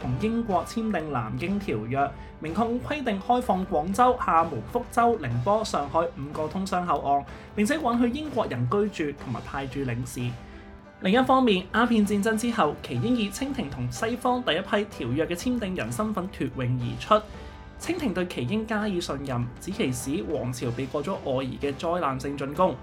同英國簽訂《南京條約》，明確規定開放廣州、廈門、福州、寧波、上海五個通商口岸，並且允許英國人居住同埋派駐領事。另一方面，鴉片戰爭之後，耆英以清廷同西方第一批條約嘅簽訂人身份脫穎而出，清廷對耆英加以信任，指其使皇朝避過咗外夷嘅災難性進攻。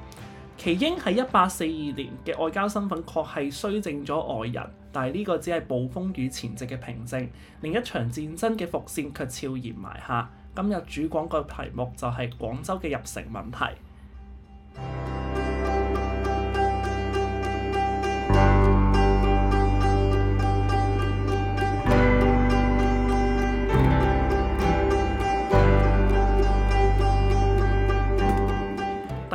耆英喺一八四二年嘅外交身份確係衰正咗外人，但係呢個只係暴風雨前夕嘅平靜，另一場戰爭嘅伏線卻悄然埋下。今日主講嘅題目就係廣州嘅入城問題。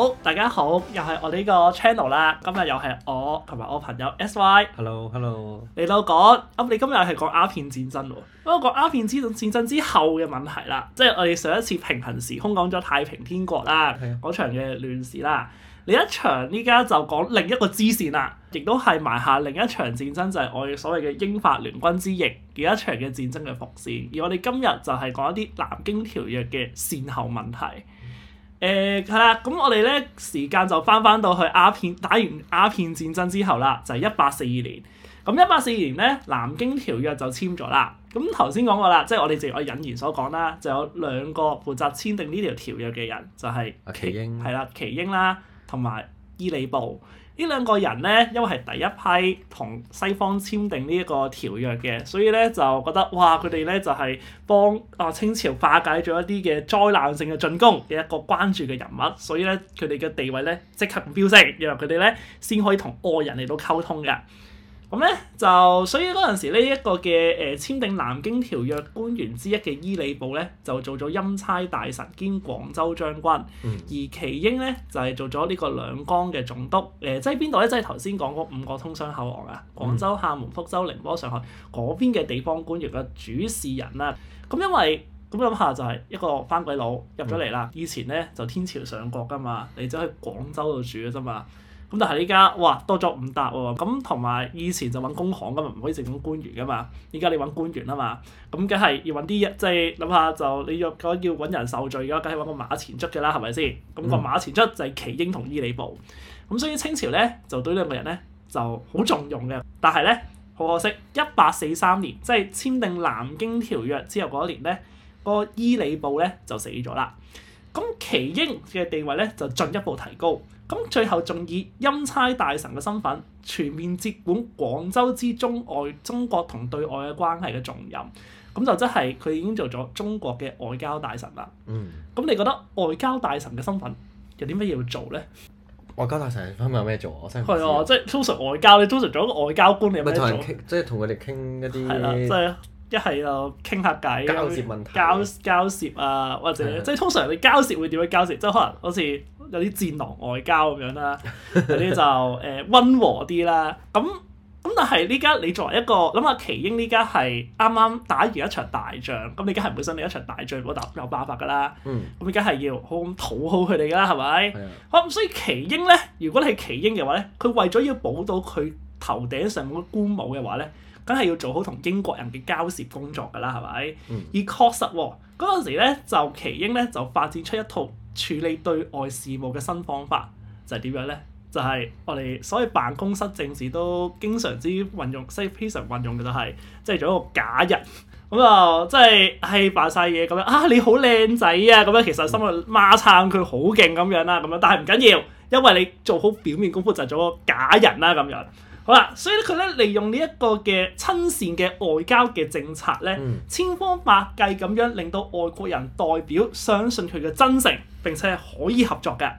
好，大家好，又係我呢個 channel 啦。今日又係我同埋我朋友 S Y hello, hello. S。Hello，Hello。嚟到講，咁你今日係講鴉片戰爭喎，不過講鴉片之戰爭之後嘅問題啦，即係我哋上一次平行時空講咗太平天國啦，嗰場嘅亂事啦。你一場，依家就講另一個支線啦，亦都係埋下另一場戰爭，就係、是、我哋所謂嘅英法聯軍之役，而一場嘅戰爭嘅伏線。而我哋今日就係講一啲南京條約嘅善後問題。誒係啦，咁我哋咧時間就翻翻到去亞片打完亞片戰爭之後啦，就係一八四二年。咁一八四二年咧，《南京條約》就簽咗啦。咁頭先講過啦，即係我哋正如我引言所講啦，就有兩個負責簽訂呢條條約嘅人，就係阿耆英係啦，耆英啦，同埋伊里布。呢兩個人咧，因為係第一批同西方簽訂呢一個條約嘅，所以咧就覺得哇，佢哋咧就係幫啊清朝化解咗一啲嘅災難性嘅進攻嘅一個關注嘅人物，所以咧佢哋嘅地位咧即刻飆升，因為佢哋咧先可以同外人嚟到溝通㗎。咁咧就所以嗰陣時呢一個嘅誒簽訂南京條約官員之一嘅伊里布咧就做咗欽差大臣兼廣州將軍，而耆英咧就係、是、做咗呢個兩江嘅總督，誒即係邊度咧？即係頭先講嗰五個通商口岸啊，廣州、廈門、福州、寧波、上海嗰邊嘅地方官員嘅主事人啦、啊。咁、嗯嗯、因為咁諗下就係一個番鬼佬入咗嚟啦，嗯、以前咧就天朝上國㗎嘛，你咗喺廣州度住㗎啫嘛。咁但係依家，哇，多咗五達喎、啊！咁同埋以前就揾工行噶嘛，唔可以整咁官員噶嘛。依家、就是、你揾官員啊嘛，咁梗係要揾啲即係諗下就你若果要揾人受罪嘅話，梗係揾個馬前卒嘅啦，係咪先？咁、個馬前卒就係耆英同伊里布。咁所以清朝咧就對呢兩個人咧就好重用嘅。但係咧好可惜，一八四三年即係、就是、簽訂南京條約之後嗰一年咧，個伊里布咧就死咗啦。咁其英嘅地位咧就進一步提高，咁最後仲以欽差大臣嘅身份全面接管廣州之中外中國同對外嘅關係嘅重任，咁就真係佢已經做咗中國嘅外交大臣啦。嗯，咁你覺得外交大臣嘅身份又點解要做咧？外交大臣係咪有咩做？我真係唔知啊，即係通常外交咧，通常做一個外交官你有咩做？即係同佢哋傾一啲。係啦，真係。要要一係就傾下偈，交涉問題交，交涉啊，是的 或者即係是的 通常你交涉會點樣交涉？即係可能好似有啲戰狼外交咁樣、 呃、啦，嗰啲就誒溫和啲啦。咁咁但係呢家你作為一個諗下，奇英呢家係啱啱打完一場大仗，咁你梗係唔會想你一場大仗，冇我打有辦法噶啦。咁你梗係要好討好佢哋噶啦，係咪？係咁的 所以奇英咧，如果你係奇英嘅話咧，佢為咗要保到佢頭頂上個官帽嘅話咧。梗係要做好同英國人嘅交涉工作㗎啦，係咪？嗯、而確實喎，嗰陣時咧就耆英咧就發展出一套處理對外事務嘅新方法，就係、是、點樣咧？就係、是、我哋所謂辦公室政治都經常之運用，即非常運用嘅就係即係做一個假人，咁、嗯、啊，即係係扮晒嘢咁樣啊！你好靚仔啊！咁樣其實心入面罵撐佢好勁咁樣啦，咁樣，但係唔緊要，因為你做好表面功夫就做個假人啦、啊，咁樣。好啦，所以咧佢咧利用呢一個嘅親善嘅外交嘅政策咧，嗯、千方百計咁樣令到外國人代表相信佢嘅真誠並且係可以合作嘅。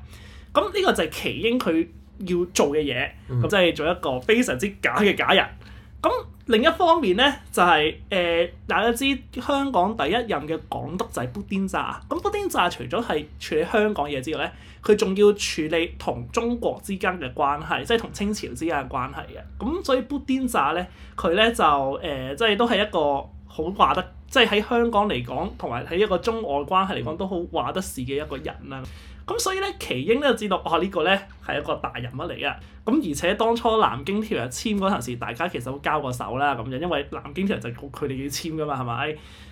咁呢個就係奇英佢要做嘅嘢，咁即係做一個非常之假嘅假人。咁另一方面咧，就係誒大家知香港第一任嘅港督就係砵甸乍。咁砵甸乍除咗係處理香港嘢之外咧，佢仲要處理同中國之間嘅關係，即係同清朝之間嘅關係嘅。咁所以砵甸乍咧，佢咧就誒、呃，即係都係一個好話得，即係喺香港嚟講，同埋喺一個中外關係嚟講都好話得事嘅一個人啦。咁所以咧，奇英咧知道哇、哦，這個、呢個咧係一個大人物嚟嘅。咁而且當初南京條約簽嗰陣時，大家其實都交過手啦咁樣，因為南京條約就佢哋要簽㗎嘛，係咪？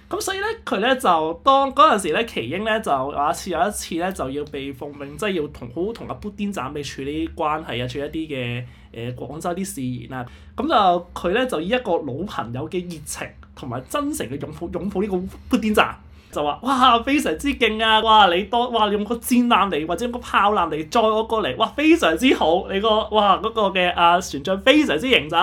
咁、哎、所以咧，佢咧就當嗰陣時咧，奇英咧就話次有一次咧就要被奉命，即、就、係、是、要同好同阿布甸乍咪處理關係啊，處理一啲嘅誒廣州啲事宜啊。咁就佢咧就以一個老朋友嘅熱情同埋真誠嘅擁抱擁抱呢個布甸乍。就話哇非常之勁啊！哇你多哇你用個戰艦嚟或者用個炮艦嚟載我過嚟，哇非常之好！你個哇嗰個嘅阿船長非常之型仔，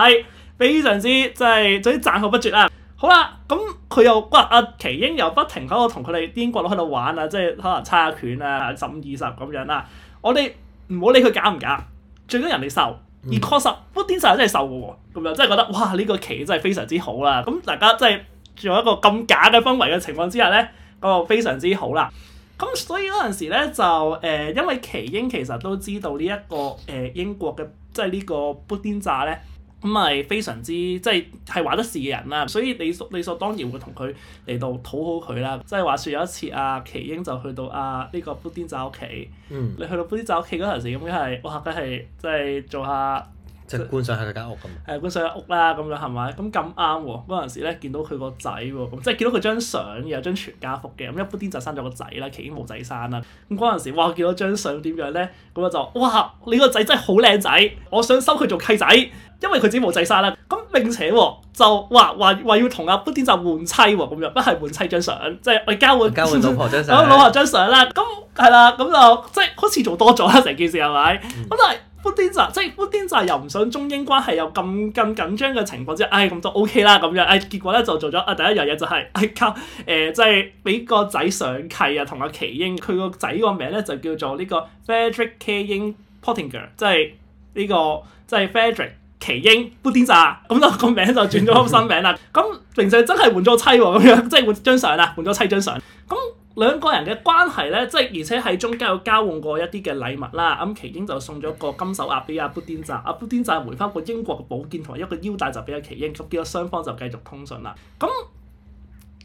非常之即係，總之讚口不絕啦、啊。好啦，咁佢又哇阿奇英又不停喺度同佢哋英國佬喺度玩啊，即係可能差拳啊、十五二十咁樣啦。我哋唔好理佢假唔假，最緊要人哋受，而確實布丁晒真係受喎，咁樣真係覺得哇呢、這個奇真係非常之好啦、啊！咁、嗯、大家即、就、係、是。做一個咁假嘅氛圍嘅情況之下咧，嗰個非常之好啦。咁所以嗰陣時咧就誒、呃，因為奇英其實都知道呢、這、一個誒、呃、英國嘅即係呢個布丁炸咧，咁係非常之即係係話得事嘅人啦。所以理所理所當然會同佢嚟到討好佢啦。即係話説有一次啊，奇英就去到啊呢、這個布丁炸屋企。嗯、你去到布丁炸屋企嗰陣時咁樣係，哇！梗係即係做下。即係觀賞下佢間屋咁。係觀賞下屋啦，咁樣係咪？咁咁啱喎，嗰陣時咧見到佢個仔喎，咁即係見到佢張相有張全家福嘅。咁一般天就生咗個仔啦，其中冇仔生啦。咁嗰陣時，哇！見到張相點樣咧？咁就哇！你個仔真係好靚仔，我想收佢做契仔，因為佢自己冇仔生啦。咁並且喎、啊，就話話話要同阿般天就換妻喎、啊，咁樣不係換妻張相，即係我交換。交換老婆 張相。攞下張相啦，咁係啦，咁就即係好似做多咗啦，成件事係咪？咁但係。嗯即係砵甸乍，砵甸乍又唔想中英關係有咁咁緊張嘅情況之下，唉咁就 OK 啦咁樣，唉結果咧就做咗啊第一樣嘢就係、唉、靠誒即係俾個仔上契啊，同阿奇英佢個仔個名咧就叫做呢個 Frederick K 英 Pottinger 即係呢、這個即係、就是、Frederick 奇英砵甸乍，咁就個名就轉咗新名啦。咁平時真係換咗妻喎、啊，咁樣即係換張相啦，換咗妻張相咁。兩個人嘅關係咧，即係而且喺中間有交換過一啲嘅禮物啦。咁奇英就送咗個金手鐲俾阿布甸扎，阿布甸扎回翻個英國嘅寶劍同埋一個腰帶就俾阿奇英。咁之後雙方就繼續通訊啦。咁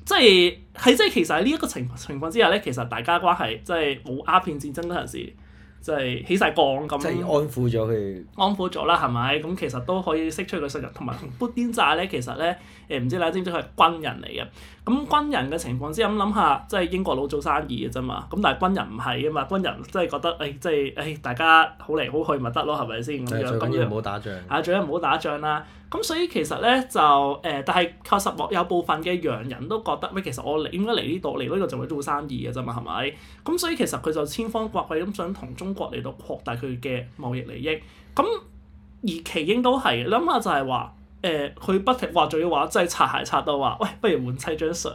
即係喺即係其實喺呢一個情情況之下咧，其實大家關係即係冇鴉片戰爭嗰陣時。即係起晒槓咁，即係安撫咗佢。安撫咗啦，係咪？咁其實都可以釋出佢信任。同埋布丁炸咧，其實咧誒唔知大家知唔知佢係軍人嚟嘅。咁軍人嘅情況之下咁諗下，即係英國佬做生意嘅啫嘛。咁但係軍人唔係啊嘛，軍人即係覺得誒即係誒大家好嚟好去咪得咯，係咪先咁樣？咁樣，啊，最緊要唔好打仗。嚇、啊，最緊要唔好打仗啦。咁所以其實咧就誒，但係確實有部分嘅洋人都覺得其實我嚟應該嚟呢度嚟呢度就會做生意嘅啫嘛，係咪？咁所以其實佢就千方百計咁想同中。中國嚟到擴大佢嘅貿易利益，咁而其應都係，諗下就係話。誒，佢、呃、不停話，仲要話，即係擦鞋擦到話，喂，不如換妻張相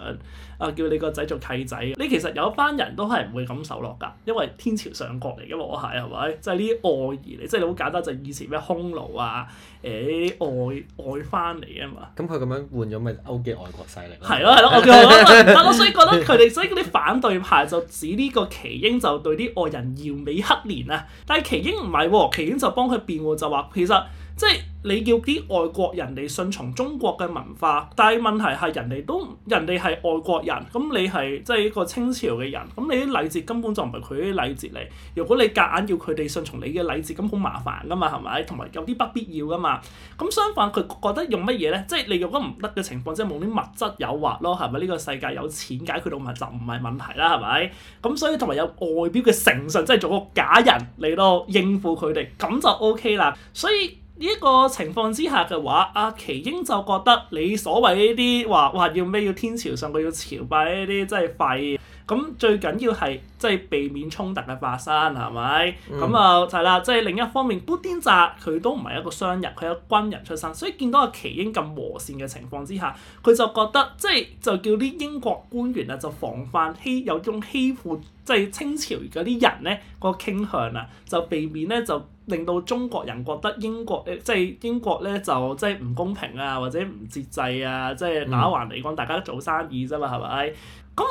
啊！叫你個仔做契仔你其實有一班人都係唔會咁受落㗎，因為天朝上國嚟嘅嘛，我係係咪？即係呢啲外夷嚟，即係你好簡單，就、以前咩匈奴啊，誒呢啲外外翻嚟啊嘛。咁佢咁樣換咗，咪、就是、勾結外國勢力？係咯係咯，得咯。我 所以覺得佢哋，所以啲反對派就指呢個奇英就對啲外人耀美黑連啊，但係奇英唔係喎，奇英就幫佢辯護，就話其實。即係你叫啲外國人嚟順從中國嘅文化，但係問題係人哋都人哋係外國人，咁你係即係一個清朝嘅人，咁你啲禮節根本就唔係佢啲禮節嚟。如果你夾硬要佢哋順從你嘅禮節，咁好麻煩㗎嘛，係咪？同埋有啲不必要㗎嘛。咁相反，佢覺得用乜嘢咧？即係你如果唔得嘅情況，即係冇啲物質誘惑咯，係咪？呢個世界有錢解決到咪就唔係問題啦，係咪？咁所以同埋有外表嘅誠信，即係做個假人嚟咯應付佢哋，咁就 OK 啦。所以。呢一個情況之下嘅話，阿、啊、耆英就覺得你所謂呢啲話話要咩要，要天朝上國要朝拜呢啲真係廢。咁最緊要係即係避免衝突嘅發生係咪？咁啊係啦，即係、嗯就是就是、另一方面，砵甸乍佢都唔係一個商人，佢係軍人出身，所以見到阿、啊、耆英咁和善嘅情況之下，佢就覺得即係、就是、就叫啲英國官員啊就防範欺有種欺負即係清朝嗰啲人咧、嗰個傾向啊，就避免咧就。令到中國人覺得英國誒，即係英國咧就即係唔公平啊，或者唔節制啊，即係打橫嚟講，大家都做生意啫嘛，係咪？咁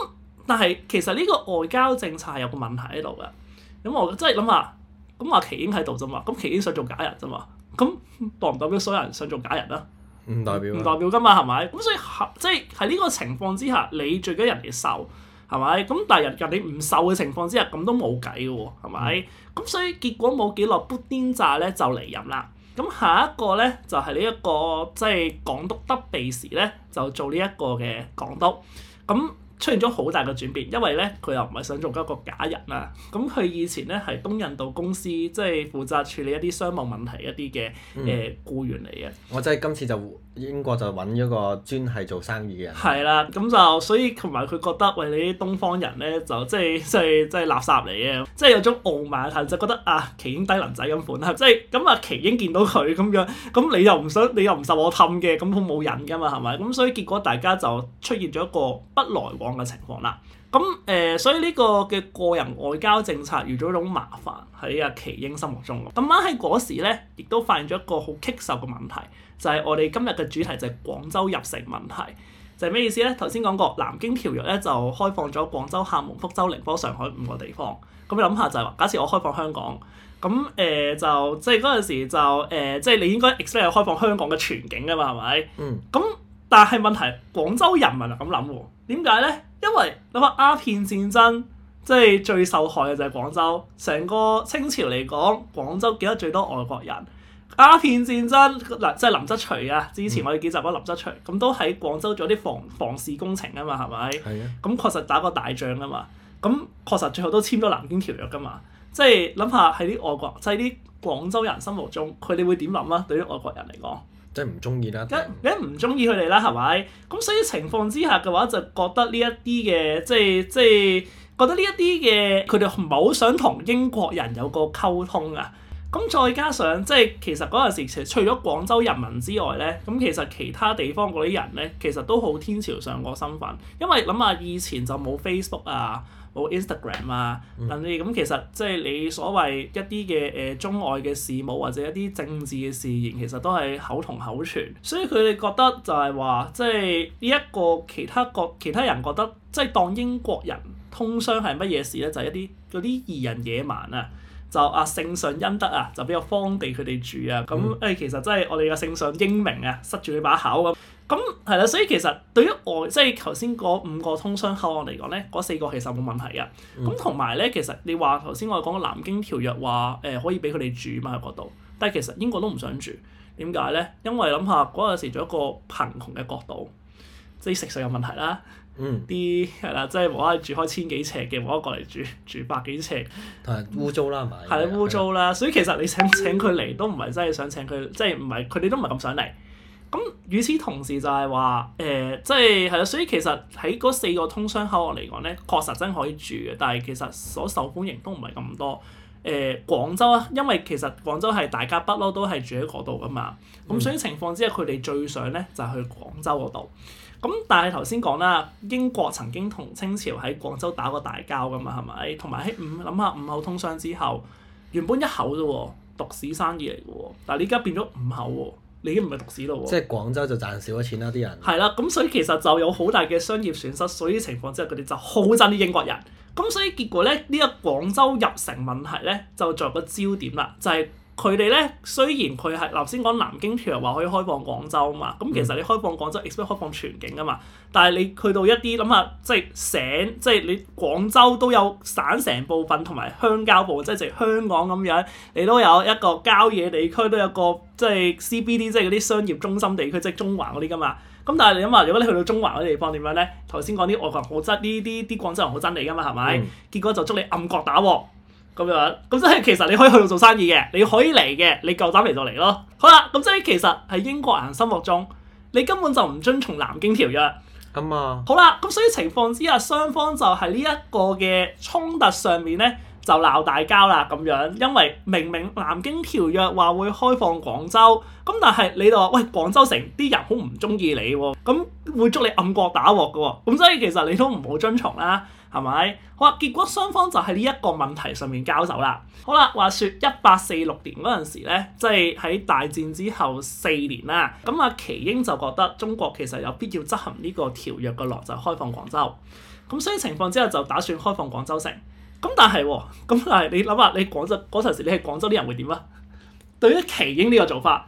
但係其實呢個外交政策係有個問題喺度㗎。咁我即係諗下，咁話奇英喺度啫嘛，咁奇英想做假人啫嘛，咁代唔代表所有人想做假人啊？唔代表唔、啊、代表㗎嘛，係咪？咁所以即係喺呢個情況之下，你最緊要人哋受。係咪？咁但係人人哋唔受嘅情況之下，咁都冇計嘅喎，係咪？咁所以結果冇幾耐，砵典乍咧就離任啦。咁下一個咧就係呢一個即係港督德庇時咧，就做呢一個嘅港督。咁出現咗好大嘅轉變，因為咧佢又唔係想做一個假人啦。咁佢以前咧係東印度公司，即係負責處理一啲商務問題，一啲嘅誒僱員嚟嘅、嗯。我真係今次就英國就揾咗個專係做生意嘅人。係啦，咁就所以同埋佢覺得，喂你啲東方人咧就即係即係即係垃圾嚟嘅，即係有種傲慢，係即覺得啊耆英低能仔咁款，即係咁啊耆英見到佢咁樣，咁你又唔想你又唔受我氹嘅，咁好冇癮噶嘛係咪？咁所以結果大家就出現咗一個不來往。嘅情況啦，咁誒、呃，所以呢個嘅個人外交政策遇咗一種麻煩喺阿耆英心目中咁。咁啱喺嗰時呢，亦都發現咗一個好棘手嘅問題，就係、是、我哋今日嘅主題就係廣州入城問題，就係、是、咩意思呢？頭先講過南京條約呢就開放咗廣州、廈門、福州、寧波、上海五個地方。咁你諗下就係、是、話，假設我開放香港，咁誒、呃、就即係嗰陣時就誒，即、呃、係、就是、你應該 expect 開放香港嘅全景㗎嘛，係咪？咁、嗯、但係問題，廣州人民就咁諗喎。點解咧？因為諗下鴉片戰爭，即係最受害嘅就係廣州。成個清朝嚟講，廣州見得最多外國人。鴉片戰爭嗱，即係林則徐啊。之前我哋幾集都林則徐，咁、嗯、都喺廣州做啲防防事工程啊嘛，係咪？係啊。咁確實打過大仗啊嘛。咁確實最後都簽咗南京條約噶嘛。即係諗下喺啲外國，即係啲廣州人心目中，佢哋會點諗啊？對於外國人嚟講？即係唔中意啦，一唔中意佢哋啦，係 咪？咁所以情況之下嘅話，就覺得呢一啲嘅，即係即係覺得呢一啲嘅，佢哋唔係好想同英國人有個溝通啊。咁再加上即係其實嗰陣時除咗廣州人民之外咧，咁其實其他地方嗰啲人咧，其實都好天朝上國身份，因為諗下以前就冇 Facebook 啊。冇 Instagram 啊，嗯、但你咁其實即係你所謂一啲嘅誒中外嘅事務或者一啲政治嘅事型，其實都係口同口傳，所以佢哋覺得就係話即係呢一個其他國其他人覺得即係、就是、當英國人通商係乜嘢事咧，就係、是、一啲嗰啲異人野蠻啊，就啊，聖上恩德啊，就俾個荒地佢哋住啊，咁誒、嗯、其實真係我哋嘅聖上英明啊，塞住佢把口啊！咁係啦，嗯、所以其實對於外，即係頭先嗰五個通商口岸嚟講咧，嗰四個其實冇問題嘅。咁同埋咧，其實你話頭先我講個南京條約話誒、呃、可以俾佢哋住嘛個度，但係其實英國都唔想住。點解咧？因為諗下嗰陣時仲有一個貧窮嘅國度，即係食水有問題啦。啲係啦，即係冇啦住開千幾尺嘅，無啦過嚟住住百幾尺。但係污糟啦，係咪？係污糟啦，所以其實你請請佢嚟都唔係真係想請佢，即係唔係佢哋都唔係咁想嚟。咁與此同時就係話，誒、呃，即係係啦，所以其實喺嗰四個通商口岸嚟講咧，確實真係可以住嘅，但係其實所受歡迎都唔係咁多。誒、呃，廣州啊，因為其實廣州係大家不嬲都係住喺嗰度噶嘛，咁、嗯、所以情況之下佢哋最想咧就係、是、去廣州嗰度。咁但係頭先講啦，英國曾經同清朝喺廣州打過大交噶嘛，係咪？同埋喺五諗下五口通商之後，原本一口啫喎，獨市生意嚟嘅喎，但你而家變咗五口喎。嗯。你已經唔係獨市咯喎！即係廣州就賺少咗錢啦、啊，啲人係啦，咁所以其實就有好大嘅商業損失，所以情況之下佢哋就好憎啲英國人，咁所以結果呢，呢個廣州入城問題咧就作為焦點啦，就係佢哋咧，雖然佢係頭先講南京條話可以開放廣州啊嘛，咁、嗯、其實你開放廣州，expect 開放全景啊嘛。但係你去到一啲諗下，即係省，即係你廣州都有省城部分同埋鄉郊部，即係即香港咁樣，你都有一個郊野地區，都有一個即係 CBD，即係嗰啲商業中心地區，即係中環嗰啲噶嘛。咁但係你諗下，如果你去到中環嗰啲地方點樣咧？頭先講啲外國人好憎，呢啲啲廣州人好憎你噶嘛，係咪？嗯、結果就捉你暗角打鑊。咁樣，咁即係其實你可以去到做生意嘅，你可以嚟嘅，你夠膽嚟就嚟咯。好啦，咁即係其實喺英國人心目中，你根本就唔遵從南京條約。咁、嗯、啊。好啦，咁所以情況之下，雙方就喺呢一個嘅衝突上面咧，就鬧大交啦咁樣，因為明明南京條約話會開放廣州，咁但係你就話喂廣州城啲人好唔中意你喎，咁會捉你暗角打鑊㗎喎，咁所以其實你都唔好遵從啦。係咪？好啊！結果雙方就喺呢一個問題上面交手啦。好啦，話説一八四六年嗰陣時咧，即係喺大戰之後四年啦。咁阿耆英就覺得中國其實有必要執行呢個條約嘅落，就開放廣州。咁所以情況之下就打算開放廣州城。咁但係，咁但係你諗下，你，廣州你廣州嗰陣時，你係廣州啲人會點啊？對於耆英呢個做法。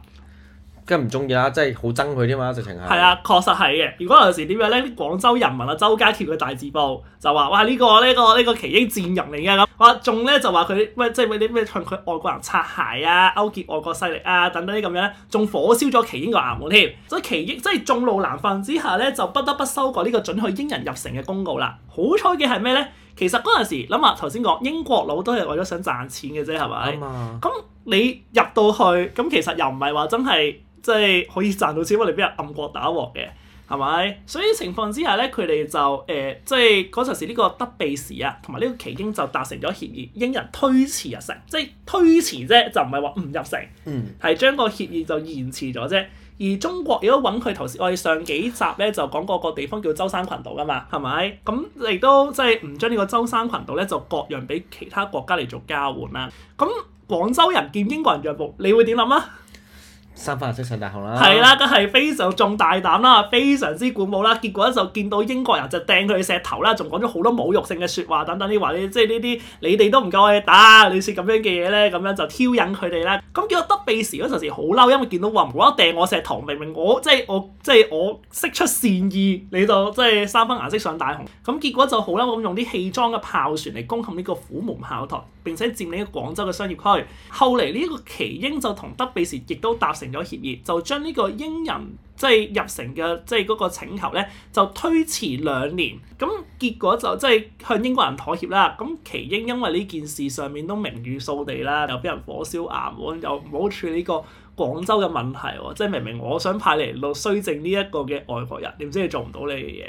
梗係唔中意啦，即係好憎佢添嘛，直情係。係啊，確實係嘅。如果嗰陣時點樣咧，啲廣州人民啊，周街貼個大字報，就話：哇！呢個呢個呢個奇英戰人嚟嘅咁。哇，仲咧就話佢咩？即係咩啲咩向佢外國人擦鞋啊，勾結外國勢力啊，等等啲咁樣咧，仲火燒咗奇英個衙門添。所以奇英即係眾怒難犯之下咧，就不得不修改呢個準許英人入城嘅公告啦。好彩嘅係咩咧？其實嗰陣時諗下，頭先講英國佬都係為咗想賺錢嘅啫，係咪？咁咁、嗯啊、你入到去，咁其實又唔係話真係。即係可以賺到錢，我哋俾人暗國打鑊嘅，係咪？所以情況之下咧，佢哋就誒，即係嗰陣時呢個德庇時啊，同埋呢個耆英就達成咗協議，英人推遲，就是，推遲入城，即係推遲啫，就唔係話唔入城，係將個協議就延遲咗啫。而中國如果揾佢頭先，我哋上幾集咧就講過個地方叫舟山群島噶嘛，係咪？咁亦都即係唔將呢個舟山群島咧就割讓俾其他國家嚟做交換啦。咁廣州人見，見英國人讓步，你會點諗啊？三分顏色上大紅啦，係啦、啊，都係非常重大膽啦，非常之鼓舞啦。結果咧就見到英國人就掟佢哋石頭啦，仲講咗好多侮辱性嘅説話等等啲話咧，即係呢啲你哋都唔夠我去打，你説咁樣嘅嘢咧，咁樣就挑釁佢哋啦。咁結果德比時嗰陣時好嬲，因為見到話唔好啊掟我，我石頭，明明我即係我即係我釋出善意，你就即係三分顏色上大紅。咁結果就好嬲咁用啲氣裝嘅炮船嚟攻陷呢個虎門炮台。並且佔領咗廣州嘅商業區，後嚟呢個奇英就同德比時亦都達成咗協議，就將呢個英人即係入城嘅即係嗰個請求呢，就推遲兩年。咁結果就即係向英國人妥協啦。咁奇英因為呢件事上面都名譽掃地啦，又俾人火燒衙門，又唔好處理個廣州嘅問題喎。即係明明我想派嚟到衰政呢一個嘅外國人，點知佢做唔到你嘅嘢？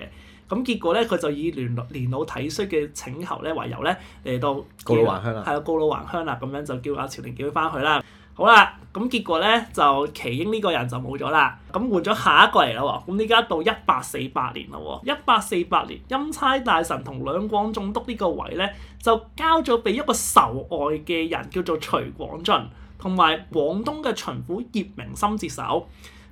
咁結果咧，佢就以年老年老體衰嘅請求咧為由咧，嚟到告老還鄉，係啊，告老還鄉啦，咁樣就叫阿朝廷叫佢翻去啦。好啦，咁結果咧就祁英呢個人就冇咗啦。咁換咗下一個嚟啦。咁呢家到一八四八年啦。一八四八年，欽差大臣同兩廣總督呢個位咧，就交咗俾一個仇外嘅人，叫做徐廣俊，同埋廣東嘅巡撫葉名琛接手。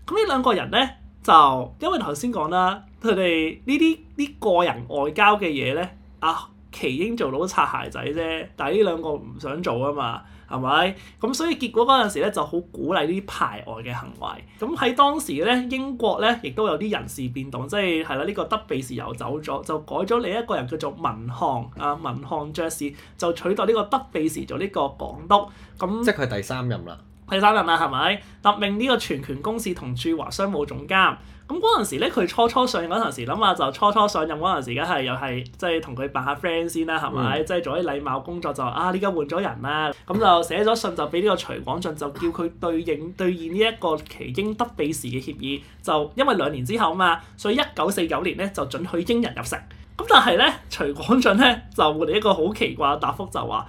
咁呢兩個人咧。就因為頭先講啦，佢哋呢啲呢個人外交嘅嘢咧，阿、啊、耆英做到擦鞋仔啫，但係呢兩個唔想做啊嘛，係咪？咁所以結果嗰陣時咧就好鼓勵呢啲排外嘅行為。咁喺當時咧，英國咧亦都有啲人事變動，即係係啦，呢、這個德庇時又走咗，就改咗另一個人叫做文翰啊，文翰爵士就取代呢個德庇時做呢個港督。咁即係佢第三任啦。第三任啦，係咪？特命呢個全權公使同駐華商務總監。咁嗰陣時咧，佢初初上任嗰陣時，諗下就初初上任嗰陣時，梗係又係即係同佢扮下 friend 先啦，係咪、嗯？即係做啲禮貌工作就啊，呢家換咗人啦。咁就寫咗信就俾呢個徐廣縉，就叫佢對應兌現呢一個耆英德庇時嘅協議。就因為兩年之後啊嘛，所以一九四九年咧就准許英人入城。咁但係咧，徐廣縉咧就換嚟一個好奇怪嘅答覆，就話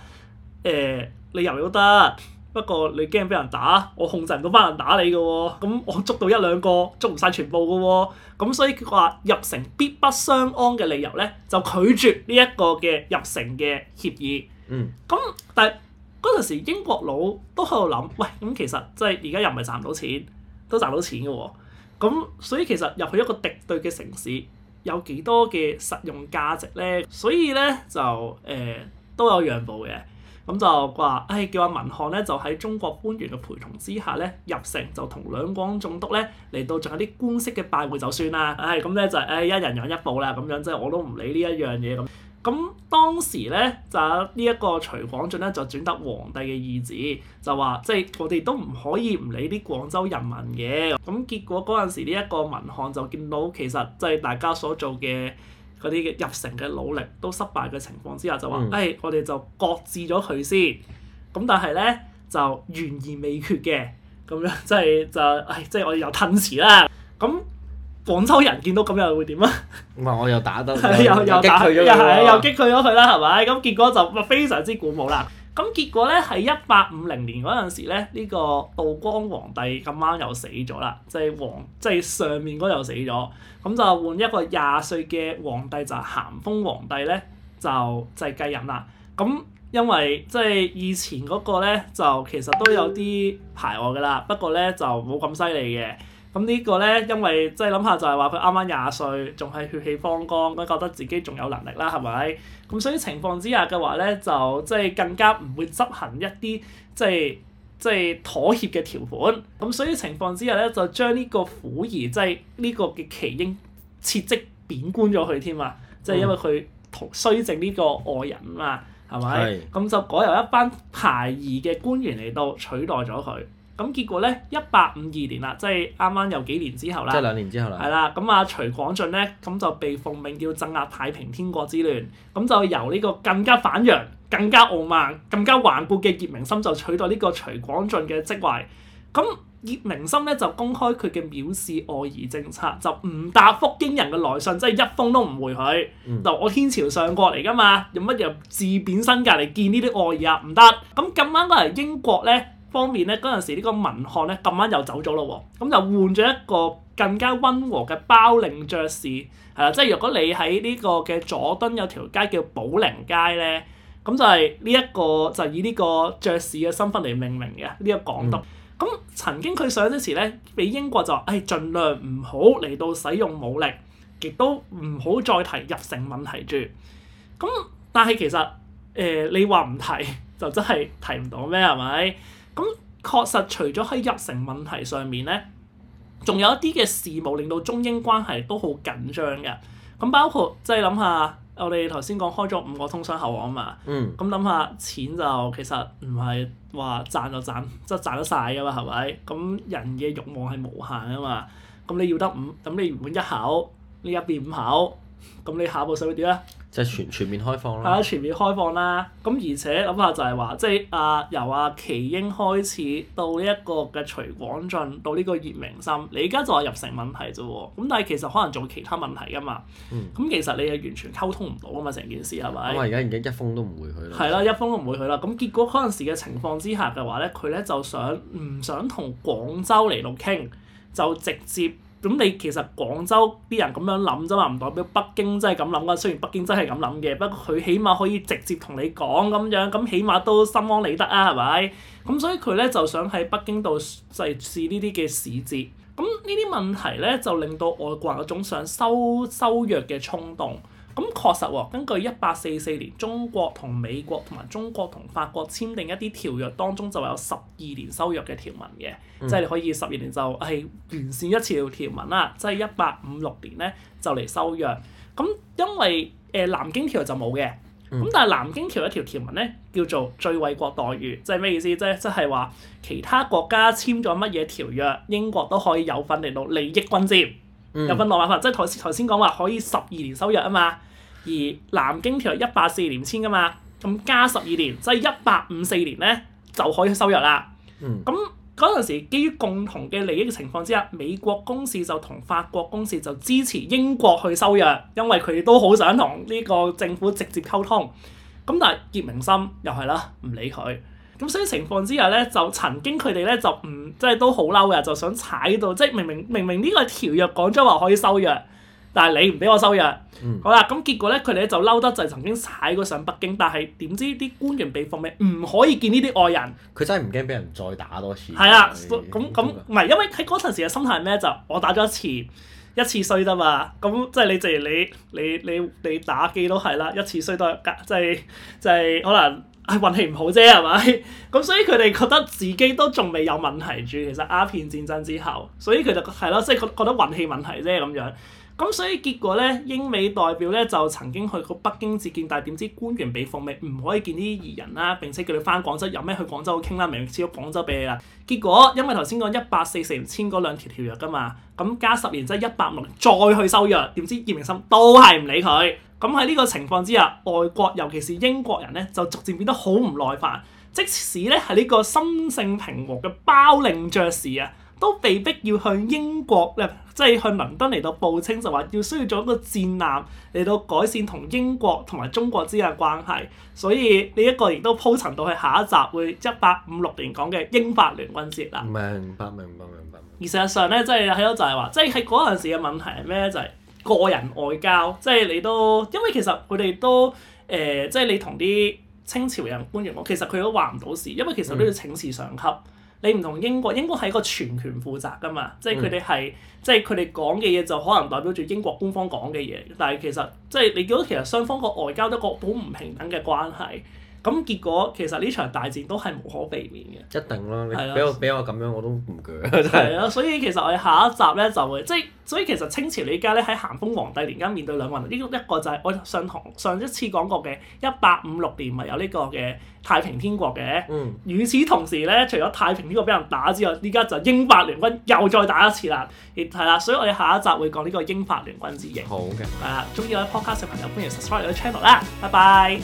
誒、呃、你入都得。不過你驚俾人打，我控制唔到嗰班人打你嘅喎、哦，咁我捉到一兩個，捉唔晒全部嘅喎、哦，咁所以佢話入城必不相安嘅理由咧，就拒絕呢一個嘅入城嘅協議。嗯，咁但係嗰陣時英國佬都喺度諗，喂，咁其實即係而家又唔係賺唔到錢，都賺到錢嘅喎、哦，咁所以其實入去一個敵對嘅城市有幾多嘅實用價值咧？所以咧就誒、呃、都有讓步嘅。咁就話，誒、哎、叫阿文翰咧就喺中國官員嘅陪同之下咧入城，就同兩廣總督咧嚟到仲有啲官式嘅拜會就算啦。誒，咁咧就誒、哎、一人讓一步啦，咁樣即係、就是、我都唔理呢一樣嘢咁。咁當時咧就呢一個徐廣進咧就轉得皇帝嘅意旨，就話即係我哋都唔可以唔理啲廣州人民嘅。咁結果嗰陣時呢一個文翰就見到其實即係大家所做嘅。嗰啲嘅入城嘅努力都失敗嘅情況之下就，就話誒，我哋就擱置咗佢先。咁但係咧就懸而未決嘅，咁樣即係就唉，即、哎、係、即係、我哋又吞佢啦。咁廣州人見到咁樣又會點啊？唔係、嗯、我又打得， 又又，又打，又係又擊佢咗佢啦，係咪又？咁、嗯、結果就非常之鼓舞啦。 咁結果咧，喺一八五零年嗰陣時咧，呢個道光皇帝咁啱又死咗啦，即係皇，就係上面嗰又死咗，咁就換一個廿歲嘅皇帝就咸豐皇帝咧，就就繼任啦。咁因為即係以前嗰個咧，就其實都有啲排外噶啦，不過咧就冇咁犀利嘅。咁呢個咧，因為即係諗下就係話佢啱啱廿歲，仲係血氣方剛，覺得自己仲有能力啦，係咪？咁所以情況之下嘅話咧，就即係更加唔會執行一啲即係即係妥協嘅條款。咁所以情況之下咧，就將呢個撫夷即係呢個嘅耆英撤職貶官咗佢添啊！即係、嗯、因為佢衰政呢個外人啊嘛，係咪？咁是就改由一班排夷嘅官員嚟到取代咗佢。咁結果咧，一八五二年啦，即係啱啱有幾年之後啦，即係兩年之後啦，係啦。咁啊，徐廣進咧，咁就被奉命叫鎮壓太平天國之亂，咁就由呢個更加反洋、更加傲慢、更加頑固嘅葉明心就取代呢個徐廣進嘅職位。咁葉明心咧就公開佢嘅藐視外夷政策，就唔答覆英人嘅來信，即係一封都唔回佢。嗯，就我天朝上國嚟㗎嘛，有乜嘢自貶身格嚟見呢啲外夷啊？唔得。咁咁啱嗰日英國咧，方面咧，嗰陣時呢個文翰咧，咁啱又走咗咯喎，咁就換咗一個更加溫和嘅包令爵士係啦，即係若果你喺呢個嘅佐敦有條街叫寶靈街咧，咁就係呢一個就以呢個爵士嘅身份嚟命名嘅呢一個廣東。咁、嗯、曾經佢上嗰時咧，俾英國就誒盡、哎、量唔好嚟到使用武力，亦都唔好再提入城問題住。咁但係其實誒、呃、你話唔提，就真係提唔到咩係咪？咁確實除咗喺入城問題上面咧，仲有一啲嘅事務令到中英關係都好緊張嘅。咁包括即係諗下，我哋頭先講開咗五個通商口岸啊嘛。嗯。咁諗下錢就其實唔係話賺就賺，即係賺得晒嘅嘛，係咪？咁人嘅欲望係無限嘅嘛。咁你要得五，咁你原本一口，你一變五口。咁你下一步想會點咧？就全全面開放啦。係啊，全面開放啦。咁、嗯、而且諗下就係話，即係阿由阿、啊、耆英開始到呢一個嘅徐廣縉，到呢個葉名琛，你而家就係入城問題啫喎。咁但係其實可能仲有其他問題噶嘛。咁、嗯、其實你係完全溝通唔到啊嘛，成件事係咪？我而家而家一封都唔會去。係啦、啊，一封都唔會去啦。咁結果嗰陣時嘅情況之下嘅話咧，佢咧就想唔想同廣州嚟到傾，就直接。咁你其實廣州啲人咁樣諗啫嘛，唔代表北京真係咁諗噶。雖然北京真係咁諗嘅，不過佢起碼可以直接同你講咁樣，咁起碼都心安理得啊，係咪？咁所以佢咧就想喺北京度試試呢啲嘅市節。咁呢啲問題咧，就令到外國人有種想收收弱嘅衝動。咁確實喎，根據一八四四年中國同美國同埋中國同法國簽訂一啲條約當中，就有十二年修約嘅條文嘅，即係、嗯、你可以十二年就係完善一次條文啦，即係一八五六年咧就嚟修約。咁因為誒、呃、南京條就冇嘅，咁、嗯、但係南京條一條條文咧叫做最惠國待遇，即係咩意思？即係即係話其他國家簽咗乜嘢條約，英國都可以有份嚟到利益均沾。有份攔買法，嗯、即係頭先頭先講話可以十二年收約啊嘛，而南京條約一八四年簽噶嘛，咁加十二年即係一八五四年咧就可以收約啦。咁嗰陣時，基於共同嘅利益嘅情況之下，美國公使就同法國公使就支持英國去收約，因為佢哋都好想同呢個政府直接溝通。咁但係葉名琛又係啦，唔理佢。咁所以情況之下咧，就曾經佢哋咧就唔即係都好嬲嘅，就想踩到即係明明明明呢個條約講咗話可以修約，但係你唔俾我修約。嗯、好啦，咁結果咧，佢哋咧就嬲得就曾經踩過上北京，但係點知啲官員俾奉命，唔可以見呢啲外人。佢真係唔驚俾人再打多次。係啦、啊，咁咁唔係因為喺嗰陣時嘅心態咩？就我打咗一次，一次衰啫嘛。咁即係你例如你你你你打機都係啦，一次衰都係即係即係可能。係運氣唔好啫，係咪？咁 所以佢哋覺得自己都仲未有問題住。其實鴉片戰爭之後，所以佢就係咯，即係覺得運氣問題啫咁樣。咁所以結果咧，英美代表咧就曾經去過北京接見，但係點知官員俾奉命唔可以見啲夷人啦，並且叫你返廣州，有咩去廣州傾啦，明明指定廣州俾你啦。結果因為頭先講一百四四年簽嗰兩條條約㗎嘛，咁加十年即係一百六再去收約，點知葉名琛都係唔理佢。咁喺呢個情況之下，外國尤其是英國人咧，就逐漸變得好唔耐煩。即使咧係呢個心性平和嘅包令爵士啊，都被逼要向英國咧，即係向倫敦嚟到報稱，就話要需要做一個戰艦嚟到改善同英國同埋中國之間嘅關係。所以呢一個亦都鋪陳到去下一集會一八五六年講嘅英法聯軍節啦。明白，明白，明白。而事實上咧，即係睇到就係話，即係喺嗰陣時嘅問題係咩咧？就係。個人外交，即係你都，因為其實佢哋都誒、呃，即係你同啲清朝人官員其實佢都話唔到事，因為其實都要請示上級。你唔同英國，英國係一個全權負責㗎嘛，即係佢哋係，嗯、即係佢哋講嘅嘢就可能代表住英國官方講嘅嘢，但係其實即係你見到其實雙方個外交都個好唔平等嘅關係。咁結果其實呢場大戰都係無可避免嘅。一定啦，俾我俾的我咁樣我都唔攰。係啊，所以其實我哋下一集咧就會即係，所以其實清朝你依家咧喺咸豐皇帝年間面對兩個人，呢一個就係我上堂上一次講過嘅一八五六年咪有呢個嘅太平天國嘅。嗯。與此同時咧，除咗太平天國俾人打之外，依家就英法聯軍又再打一次啦。係啦，所以我哋下一集會講呢個英法聯軍之役。好嘅的。啊，中意我嘅 podcast 小朋友歡迎 subscribe 我嘅 channel 啦，拜拜。